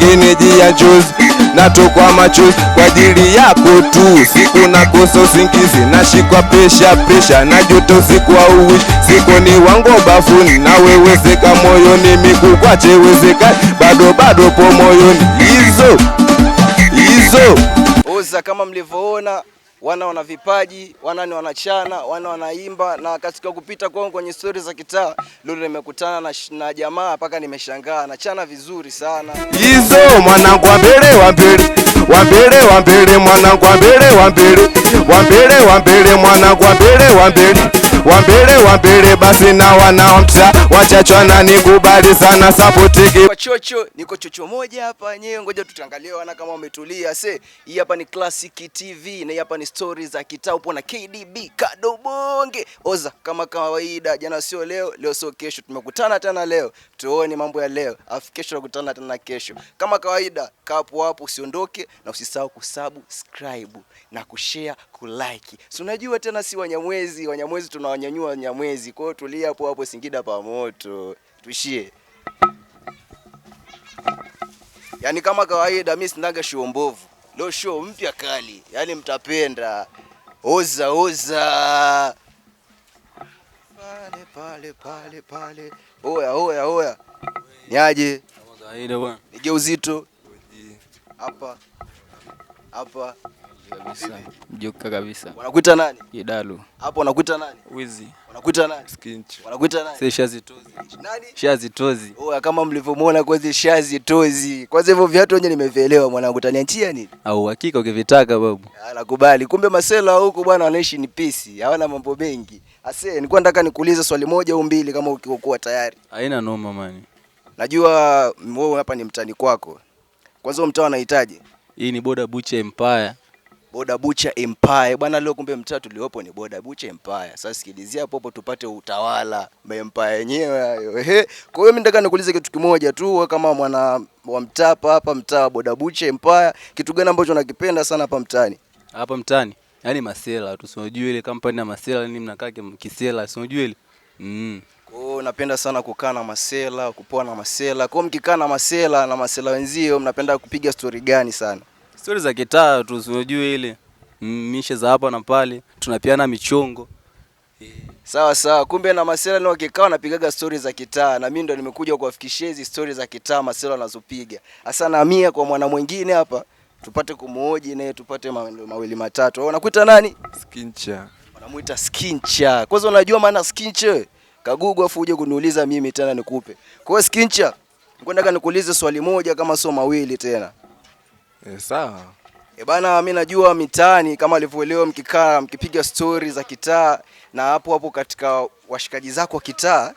Geneji ya juzi natokwa machozi kwa ajili yako tu, siku nakosa usingizi, nashikwa pesha pesha na joto, siku auishi siku ni wango bafuni, na moyoni, mikukwache wezekani, bado bado po moyoni, hizo hizo uza kama mlivyoona wana wana vipaji, wana ni wanachana, wana wanaimba. Na katika kupita kwangu kwenye stori za kitaa lolo nimekutana na, na jamaa mpaka nimeshangaa, anachana vizuri sana hizo mwanangu wa mbele wa mbele wa mbele wa mbele mwanangu wa mbele wa mbele wa mbele wa mbele mwanangu wa mbele wa mbele wambele wambele basi na wanaomcha wachachwa na nikubali sana sapotiki kwa chocho. Niko chocho moja hapa nyewe, ngoja tutaangalie wana kama wametulia. Se hii hapa ni Classic TV na hii hapa ni stories za kitaa. Upo na KDB Kadobonge Oza kama kawaida, jana sio leo, leo sio kesho. Tumekutana tena leo, tuone mambo ya leo, afu kesho tunakutana tena kesho kama kawaida. Kapo hapo, usiondoke na usisahau kusubscribe na kushare kulike. Si unajua tena si Wanyamwezi, Wanyamwezi tunawanyanyua Wanyamwezi. Kwa hiyo tulia hapo hapo Singida pa moto. Tushie. Yaani kama kawaida mimi sinaga show mbovu. Leo show mpya kali. Yaani mtapenda. Oza oza. Pale pale pale pale. Oya oya oya. Niaje? Kama kawaida bwana. Nige uzito. Hapa. Hapa. Kabisa. Mjoka kabisa. Wanakuita nani? Kidalu. Hapo wanakuita nani? Wizi. Wanakuita nani? Skinchi. Wanakuita nani? Sasa Shazi Tozi. Nani? Shazi Tozi. Oh, kama mlivyomuona kwanza Shazi Tozi. Kwanza hivyo viatu wenyewe nimevielewa mwanangu taniachia nini? Au hakika ukivitaka babu. Ah, nakubali. Kumbe masela huko bwana wanaishi ni pisi, hawana mambo mengi. Ase, nilikuwa nataka nikuulize swali moja au mbili kama ukikuwa tayari. Haina noma mani. Najua mm, wewe hapa ni mtani kwako. Kwanza mtaa anahitaji. Hii ni boda buche Empire. Boda Bucha Empire. Bwana leo kumbe mtaa tuliopo ni Boda Bucha Empire. Sasa sikilizia hapo hapo tupate utawala Empire yenyewe hayo. Ehe. Kwa hiyo mimi nataka nikuulize kitu kimoja tu wewe kama mwana wa mtaa hapa mtaa Boda Bucha Empire, kitu gani ambacho unakipenda sana hapa mtaani? Hapa mtaani. Yaani masela tu, si unajua ile company ya masela ni yaani mnakaa kisela, si unajua ile? Mm. Kwa hiyo napenda sana kukaa na masela, kupoa na masela. Kwa hiyo mkikaa na masela na masela wenzio mnapenda kupiga story gani sana? Stori za kitaa tu usijue ile mishe za hapa na pale, tunapiana michongo e, Sawa sawa, kumbe na Masela ni wakikaa napigaga stori za kitaa, na mimi ndo nimekuja kuwafikishia hizi stori za kitaa Masela anazopiga. Hasa na mia kwa mwana mwingine hapa, tupate kumuoji naye tupate mawili matatu. Wewe unakuita nani? Skincha. Wanamuita Skincha. Kwanza unajua maana Skincha Kagugu afu uje kuniuliza mimi tena nikupe. Kwa hiyo Skincha, ngoja nikuulize swali moja kama sio mawili tena. E, sawa. E bana, mi najua mitaani kama alivyoelewa, mkikaa mkipiga stori za kitaa na hapo hapo katika washikaji zako wa kitaa,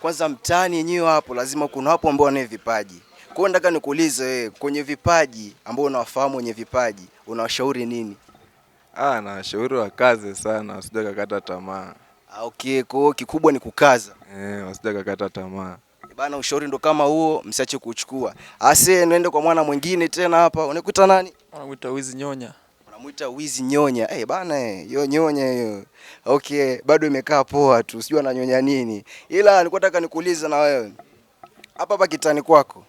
kwanza mtaani yenyewe hapo lazima kuna hapo ambao wana vipaji. Kwa hiyo nataka nikuulize wewe, kwenye vipaji ambao unawafahamu wenye vipaji unawashauri nini? Ah, wa kazi sana, wasije kakata tamaa. Ah, okay, kwa hiyo kikubwa ni kukaza. Eh, wasije kakata tamaa. Bana, ushauri ndo kama huo, msiache kuchukua. Ase niende kwa mwana mwingine tena hapa, unakuta nani? Unamuita wizi nyonya. Unamuita wizi nyonya. Eh, hey, bana hiyo eh, nyonya hiyo. Okay, bado imekaa poa tu. Sijui ananyonya nini. Ila nilikuwa nataka nikuulize na wewe. Hapa hapa kitani kwako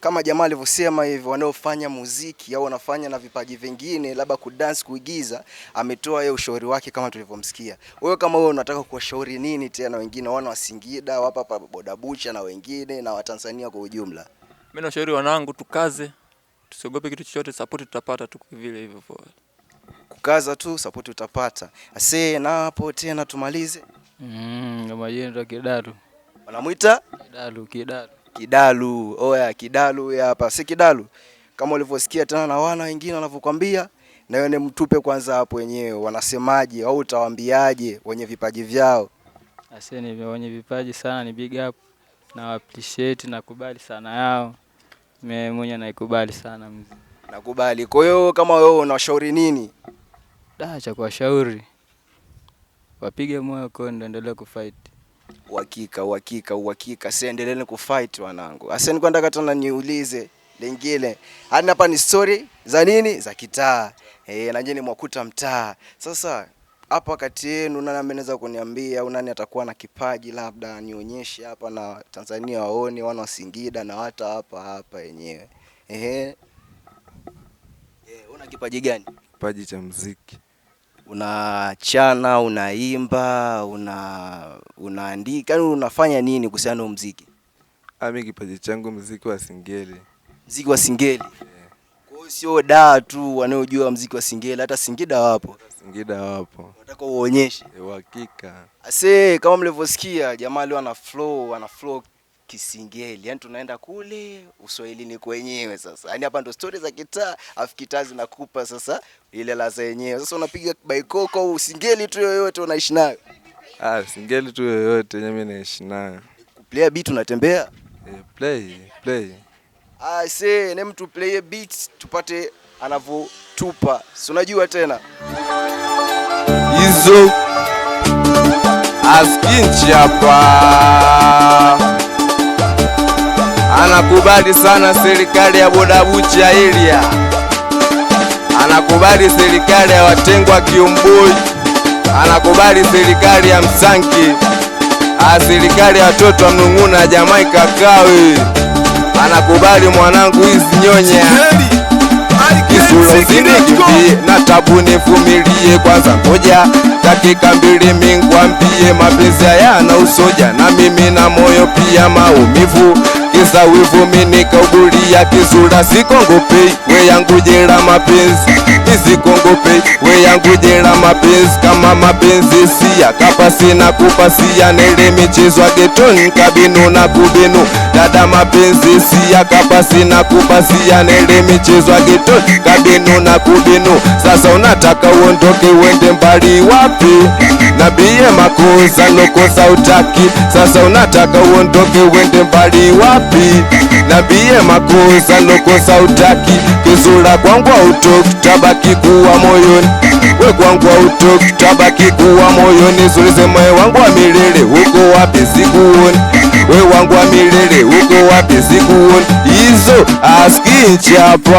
kama jamaa alivyosema hivyo, wanaofanya muziki au wanafanya na vipaji vingine, labda kudance, kuigiza, ametoa yeye ushauri wake kama tulivyomsikia. Wewe kama wewe unataka kuwashauri nini tena wengine, wana wa Singida hapa hapa, bodabucha na wengine na Watanzania kwa ujumla? Mimi nashauri wanangu, tukaze, tusiogope kitu chochote, support tutapata tu vile hivyo, kukaza tu, support utapata. Ase na hapo tena tumalize. Mm, majina ya Kidaru. Wanamuita Kidaru, Kidaru. Kidalu, oya Kidalu ya hapa, si Kidalu kama ulivyosikia tena na wana wengine wanavyokwambia, na wewe mtupe kwanza hapo wenyewe wanasemaje au utawaambiaje wenye vipaji vyao? Asante wenye vipaji sana, ni big up na appreciate, nakubali sana yao, mimi mwenye naikubali sana mziki. Nakubali. Kwa hiyo kama wewe unashauri nini? Da, cha kuwashauri wapige moyo konde, endelee kufight. Uhakika, uhakika, uhakika. Si endeleeni kufight wanangu. Asante kwa nataka tena niulize lingine. Hadi yaani hapa ni story za nini? Za kitaa. Eh, na nyinyi mwakuta mtaa. Sasa hapa kati yenu nani amenaweza kuniambia au nani atakuwa na kipaji labda nionyeshe hapa na Tanzania waone wana Singida na hata hapa hapa yenyewe. Ehe. Eh, una kipaji gani? Kipaji cha muziki unachana, unaimba, una unaandika, yaani unafanya nini kuhusiana na muziki? Ah, mimi kipaji changu muziki wa singeli. Muziki wa singeli. Yeah. Kwa hiyo sio da tu wanaojua muziki wa singeli, hata Singida wapo. Singida wapo. Nataka uonyeshe. Uhakika. Ase, kama mlivyosikia jamaa leo ana flow, ana flow Kisingeli, yani tunaenda kule uswahilini kwenyewe. Sasa yani hapa ndo stori za kitaa, afu kitaa zinakupa sasa ile laza yenyewe. Sasa unapiga baikoko au singeli tu yoyote unaishi nayo? Ah, singeli tu yoyote yenyewe mimi naishi nayo. Play beat unatembea? Eh, play play. Ah, see nem mtu play beat tupate anavotupa si unajua tena hizo askinchi anakubali sana serikali ya bodabuchi ya Ilia, anakubali serikali ya watengwa Kiumbui, anakubali serikali ya Msanki, ah, serikali ya watoto wa Mnung'una Jamaika Kawi, anakubali mwanangu hizi nyonya na tabu nivumilie kwanza, ngoja dakika mbili mingwambie, mapenzi haya na usoja na mimi na moyo pia maumivu Kisa wivu minikaburia kizura sikongopei we yangu jera mapenzi isikongopei we yangu jera mapenzi kama mapenzi siya kapa sina kupasia nele michezo getoni kabinu na kubinu dada mapenzi siya kapa sina kupasia nele michezo getoni kabinu na kubinu sasa unataka uondoke wende mbali wapi nabiye makosa lokosa utaki sasa unataka uondoke wende mbali wapi be nabie makosa ndokosa utaki kuzura kwangu hautoki tabaki kuwa moyoni we kwangu hautoki tabaki kuwa moyoni zulize moyo wangu wa milele huko wapi sikuoni we wangu wa milele huko wapi sikuoni izo aski nchapa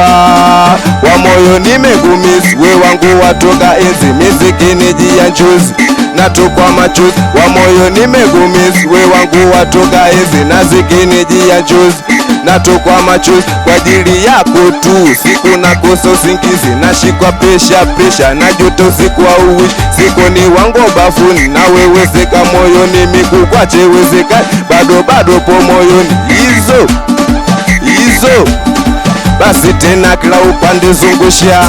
wa moyo nimekumisi we wangu watoka enzi miziki nijia nchuzi natokwa machozi wa moyo nimekumisi we wangu watoka enzi na zikini jia nchuzi natokwa machozi kwa ajili yako tu. Siku nakosa usingizi, nashikwa pesha pesha, najuta usiku wa uwishi, siku ni wango bafuni, na wewezeka moyoni, mikukwache wezekani, bado bado po moyoni, hizo hizo basi tena, kila upande zungusha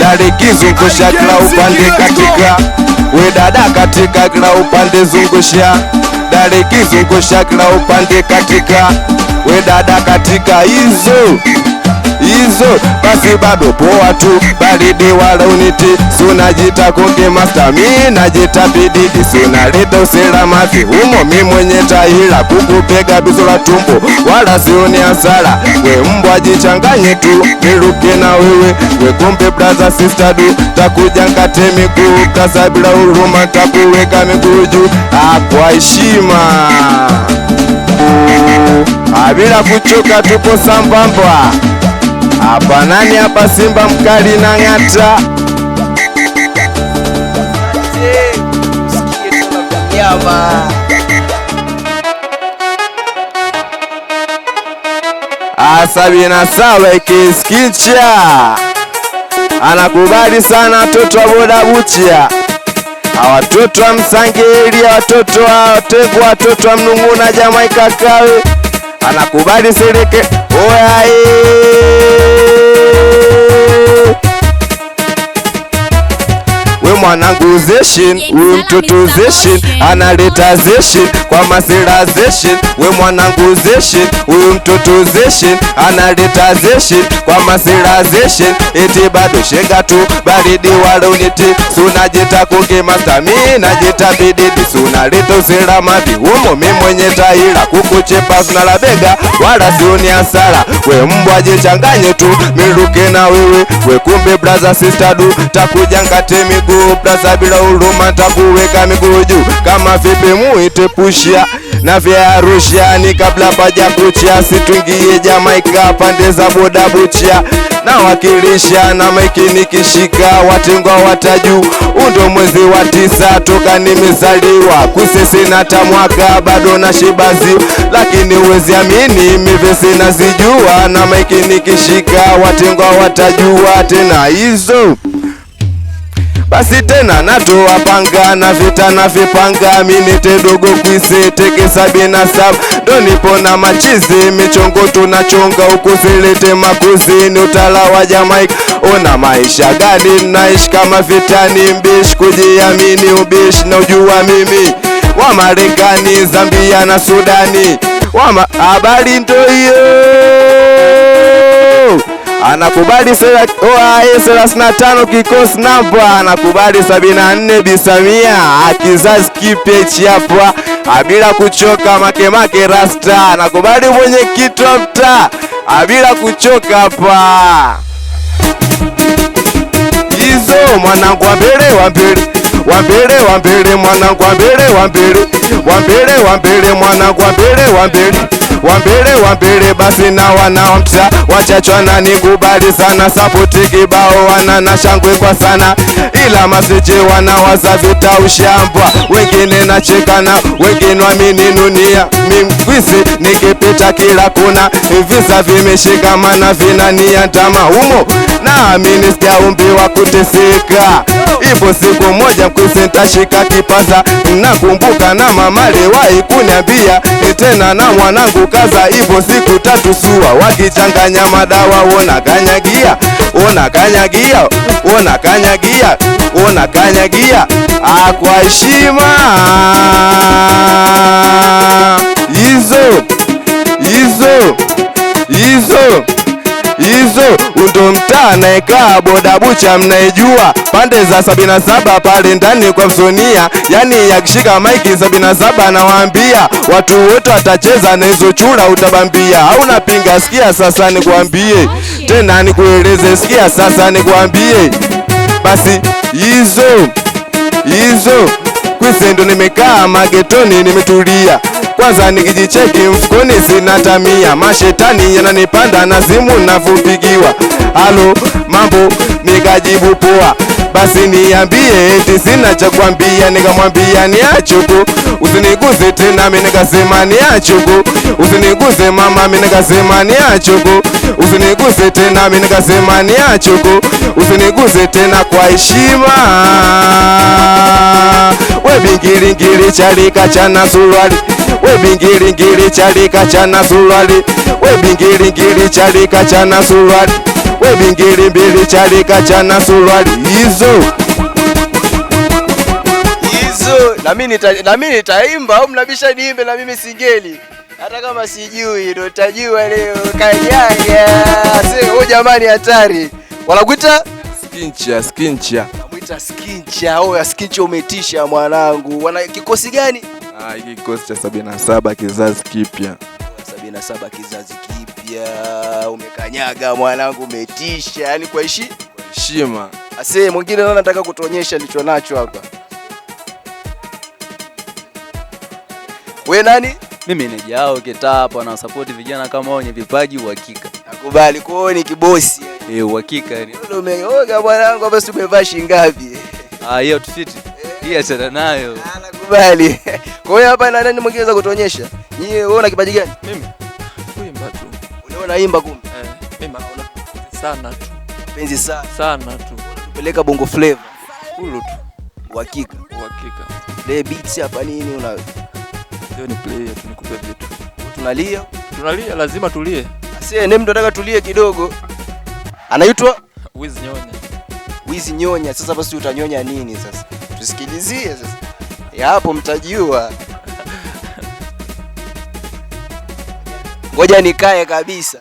dare, kizungusha kila upande katika, we dada katika, kila upande zungusha dare, kizungusha kila upande katika we dada, katika hizo hizo basi bado poa tu, baridi wala uniti, sunajita kuki master, mi najita bididi, sunaleta usela mafi humo, mi mwenye tahila kukupega la tumbo, wala sioni hasara, we mbwa jichanganye tu, niruke na wewe we kumbe brother sister du, takuja nkate miguu kasabila huruma, takuweka miguu juu ah, kwa heshima abila kuchoka, tupo sambamba hapa. Nani hapa? Simba mkali na ng'ata na saba ikisikicha, anakubali sana watoto wa boda Bucha, watoto wa Msangeli, watoto wa Tembo, watoto wa Mnung'una, Jamaika kawe kana kuvalisereke oyai oh, eh. mwanangu zeshin, huyu mtoto zeshin, analeta zeshin kwa masira zeshin, we mwanangu zeshin, huyu mtoto zeshin, analeta zeshin kwa masira zeshin, eti bado shenga tu baridi waloniti, sunajita kunge mastami jita bididi, sunaleta usira mavi humo, mi mwenye taira kukuchepa suna labega wala sioni asara we mbwa jichanganye tu miruke na wewe we, kumbe brother sister du takujangate miguu upasa bila huruma, takuweka miguu juu kama vipi muite pushia na vya ni kabla paja kuchia, situngie Jamaika pande za boda buchia na wakilisha na maiki nikishika watingwa wataju undo mwezi wa tisa toka nimezaliwa kusisi na tamwaka bado na shibazi, lakini uwezi amini mivesi nazijua na maiki nikishika watingwa watajua tena hizo basi tena natoa panga na vita na vipanga minite tedogo kwise teke sabi na saba donipona machizi michongo tunachonga ukuzilete makuzi ni utala wa Jamaika. Ona maisha gani naishi kama vitani mbish kujiamini ubish na ujua mimi wa Marekani Zambia na Sudani wama habari ndo hiyo anakubali thelathini na tano kikosi namba anakubali sabini na nne Bisamia akizazi kipya chiapa abila kuchoka makemake rasta anakubali mwenyekiti wa mtaa abila kuchoka hapa izo mwanangu wa mbele wa mbele wa mbele wa mbele mwanangu wa mbele wa mbele wa mbele wa mbele mwanangu wa mbele wa mbele wambele wambele basi na wanaomta wachachwa na nikubali sana sapoti kibao wana na shangwe kwa sana ila maseje wanawaza vita ushambwa wengine nachekana wengine wamininunia mimgwizi nikipita kila kuna visa vimeshikamana vinaniandama humo na amini sijaumbiwa kutisika ipo siku moja mkwisi ntashika kipaza nakumbuka na mama wa kuniambia tena na mwanangu kukaza hivo siku tatu sua, wakichanganya madawa wona kanyagia, wona kanyagia, wona kanyagia, wona kanyagia, akwa heshima mtaa naekaa bucha mnaijua pande za sabini na saba pale ndani kwa Msonia, yani yakishika maiki sabini na saba nawaambia watu wote watacheza na hizo chula, utabambia. Hauna pinga, sikia sasa nikuambie tena nikueleze, sikia sasa nikuambie basi hizo hizo Kwisendo nimekaa magetoni, nimetulia kwanza nikijicheki mfukoni sina tamia, mashetani yananipanda na simu navupigiwa, halo mambo, nikajibu poa. Basi niambie eti sina cha kwambia, nikamwambia niachuku usiniguze tena, mimi nikasema niachuku usiniguze mama, mimi nikasema niachuku usiniguze tena, mimi nikasema niachuku usiniguze tena kwa heshima we bingiringiri chalika chana suruali we bingiringiri chalika chana suruali we bingiringiri chalika chana suruali we bingirimbili chalika chana suruali hizo hizo, na mimi na mimi nitaimba au mnabisha niimbe, na mimi singeli hata kama sijui, ndo tajua leo kanyaga. Sasa jamani, hatari wanakuita skincha skincha sasa skincha, oya skincha umetisha mwanangu. Wana kikosi gani? Ah, hiki kikosi cha 77 kizazi kipya. 77 kizazi kipya. Umekanyaga mwanangu, umetisha. Yaani kwa heshima. Ase mwingine naona nataka kutuonyesha nilicho nacho hapa. We nani? Mimi ni Jao Kitapo na support vijana kama wenye vipaji uhakika. Nakubali kwao ni kibosi. Eh, uhakika ni. Wewe umeoga bwanangu hapa si umevaa shingapi? Ah, hiyo outfit. Hii achana nayo. Ah, nakubali. Kwa hiyo hapa na nani mwingine za kutuonyesha? Yeye wewe una kipaji gani? Mimi. Kuimba tu. Unaona imba kumbe? Eh, mimi naona sana tu. Penzi sana. Sana tu. Peleka Bongo Flava. Hulu tu. Uhakika. Uhakika. Le beats hapa nini una Sio ni play tu nikupe vitu. Tunalia, tunalia lazima tulie. Sasa ni mtu anataka tulie kidogo. Anaitwa Wiz Nyonya. Wiz Nyonya. Sasa basi utanyonya nini sasa? Tusikilizie sasa. Ya hapo mtajua. Ngoja nikae kabisa.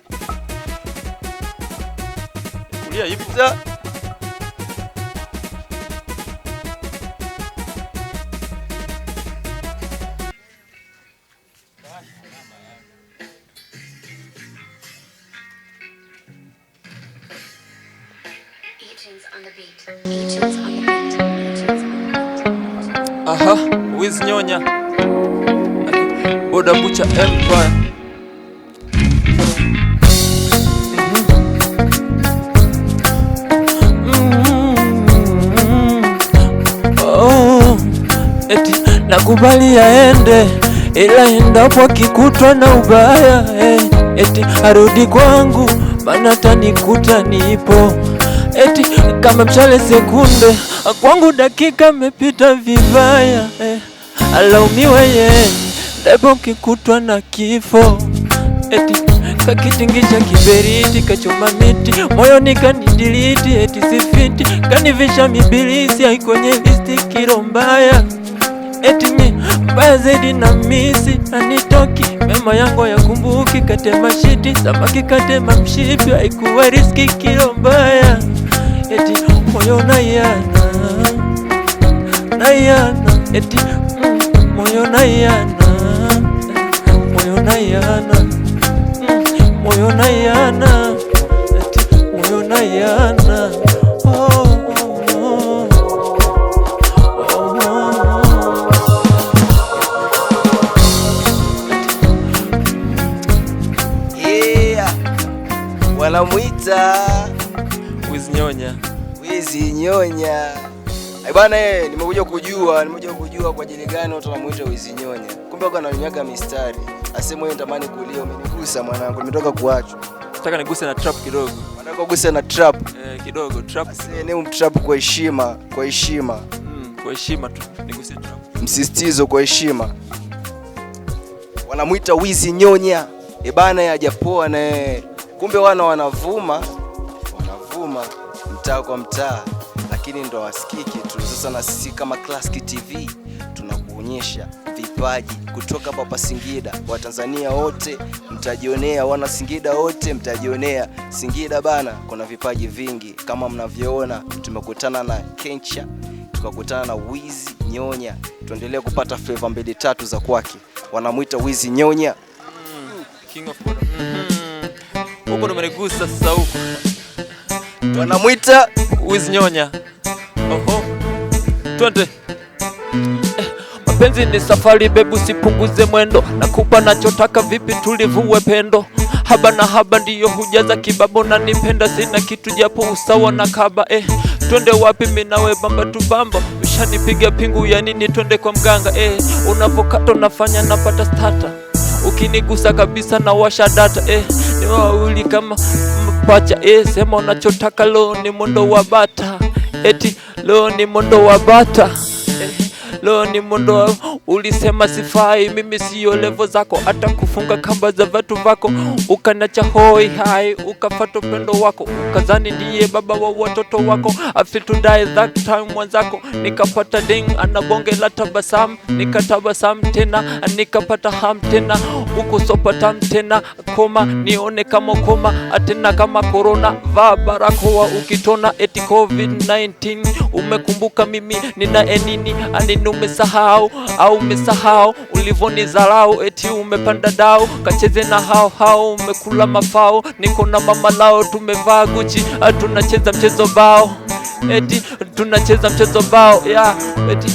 Kulia ipo. boda bucha Empire. Oh, eti nakubali yaende, ila endapo akikutwa na ubaya eh, eti arudi kwangu, maana tanikuta nipo eti kama mchale sekunde kwangu dakika amepita vibaya eh, alaumiwe yeye Debo kikutwa na kifo eti kakitingisha kiberiti kachoma miti moyo nikanidiriti eti sifiti kanivisha mibilisi aikwenye listi kiro mbaya eti nye mbaya zaidi na misi anitoki mema yango ya kumbuki katema shiti samaki katema mshipi haikuwa riski kiro mbaya eti moyo naiana naiana eti mm, moyo naiana yana moyo na yana moyo na yana wanamwita wizi nyonya, wizi nyonya bwana. Eh, nimekuja kujua, nimekuja kujua kwa ajili gani watu wanamwita wizi nyonya kumbe wako anaonyaga mistari. Asema wewe nitamani kulia, umenigusa mwanangu, nimetoka kuachwa. Nataka niguse na trap kidogo. Nataka uguse na trap. Eh, kidogo trap. Asema ni mtrap kwa heshima, kwa heshima. Mm, kwa heshima tu niguse trap. Msisitizo kwa heshima. Wanamuita wizi nyonya. E bana ya japoa na e. kumbe wana wanavuma, wanavuma mtaa kwa mtaa, lakini ndo wasikiki tu. Sasa na sisi kama Classic TV tuna kuonyesha vipaji kutoka hapa Singida. Watanzania wote mtajionea, wana Singida wote mtajionea. Singida bana, kuna vipaji vingi kama mnavyoona. Tumekutana na Kencha, tukakutana na Wizi Nyonya, tuendelee kupata flavor mbili tatu za kwake. Wanamwita Wizi Nyonya mm, King of mm. huko ndo sasa, huko wanamwita Wizi Nyonya. Oho, twende. Mapenzi ni safari bebu, sipunguze mwendo, nakupa nachotaka, vipi tulivue pendo haba na haba ndiyo hujaza kibabo, na nipenda sina kitu japo usawa na kaba eh. Twende wapi minawe bamba tu bamba, ushanipiga pingu ya nini? Twende kwa mganga eh. Unapokata unafanya napata stata, ukinigusa kabisa na washa data eh. Ni wawili kama mpacha eh. Sema unachotaka, lo ni mondo wa bata, eti lo ni mondo wa bata leo ni mondoa, ulisema sifai, mimi siyo levo zako, hata kufunga kamba za vatu vako, ukanacha hoi hai, ukafata upendo wako, ukazani ndiye baba wa watoto wako, after to die that time mwanzako, nikapata ding, ana bonge la tabasamu, nikatabasamu tena, nikapata ham tena, ukusopata tena, koma nione kama koma, atena kama korona, vaa barakoa ukitona, eti covid 19 umekumbuka mimi nina enini aninu bado umesahau au umesahau zarau, Eti umepanda dau kacheze na hao hao, umekula mafao, niko na mama lao, tumevaa guchi ah, tunacheza mchezo bao, eti tunacheza mchezo bao yeah, eti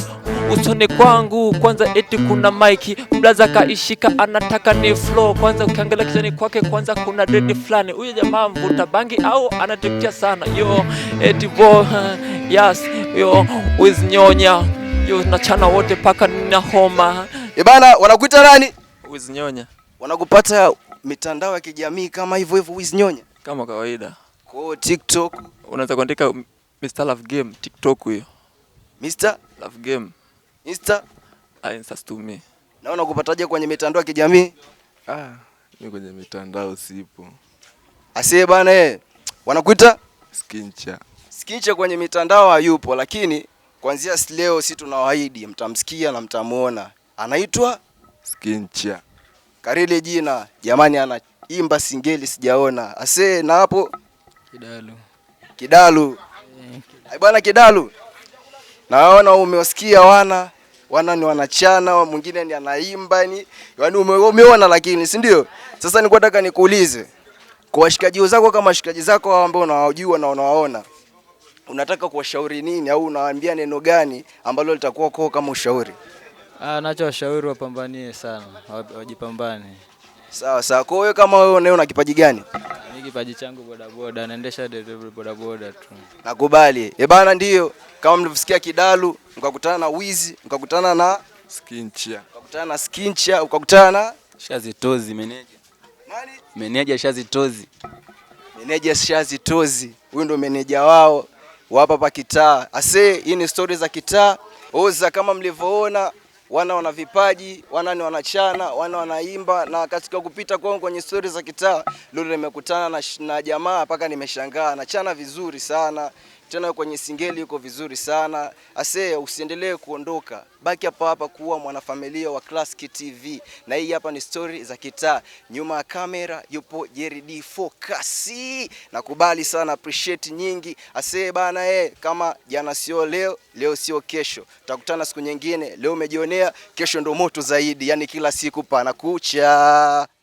usone kwangu kwanza, eti kuna mike mdaza kaishika, anataka ni flow kwanza. Ukiangalia kichwani kwake kwanza, kuna dread fulani. Huyo jamaa mvuta bangi au anatektia sana yo, eti bo, yes yo, wizinyonya Yo, nachana wote paka na homa. Eh, bana wanakuita nani? Wiz Nyonya. Wanakupata mitandao ya kijamii kama hivyo hivyo Wiz Nyonya? Kama kawaida. Kwa TikTok unaweza kuandika Mr Love Game TikTok hiyo. Mr Love Game. Insta? Ah, Insta to me. Na unakupataje kwenye mitandao ya kijamii? Ah, mimi kwenye mitandao sipo. Asiye bana eh. Wanakuita Skincha. Skincha kwenye mitandao hayupo lakini kuanzia leo si tunawaahidi mtamsikia na mtamuona, anaitwa Skincha. Karili jina jamani, anaimba singeli sijaona ase na hapo Kidalu, Kidalu eh, bwana Kidalu, naona umewasikia wana wana ni wanachana, mwingine ni anaimba ni yaani, umeona lakini, si ndio? Sasa nilikuwa nataka nikuulize kwa washikaji zako, kama washikaji zako ambao unawajua na unawaona unataka kuwashauri nini au unawaambia neno gani ambalo litakuwa kwao kama ushauri? Ah, nacho washauri wapambanie sana, wajipambane. Sawa sawa. Kwa hiyo kama wewe una kipaji gani? Mimi kipaji changu bodaboda, naendesha bodaboda tu. Nakubali. Eh, bana, ndio kama mlivyosikia Kidalu, mkakutana na Wizi, mkakutana na Skincha, mkakutana na Skincha, ukakutana na Tozi meneja. Nani? Meneja Tozi. Meneja Tozi. Huyu ndo meneja wao wapa pa kitaa. Ase, hii ni stori za kitaa. Oza kama mlivyoona, wana wana vipaji, wana ni wanachana, wana wanaimba. Na katika kupita kwangu kwenye stori za kitaa, lulu nimekutana na, na jamaa mpaka nimeshangaa, anachana vizuri sana tena kwenye singeli yuko vizuri sana asee, usiendelee kuondoka, baki hapa hapa kuwa mwanafamilia wa Classic TV, na hii hapa ni stori za kitaa. Nyuma ya kamera yupo Jerry D Focus. Nakubali sana appreciate nyingi asee bana, e, kama jana sio leo, leo sio kesho, tutakutana siku nyingine. Leo umejionea, kesho ndo moto zaidi, yani kila siku pana kucha.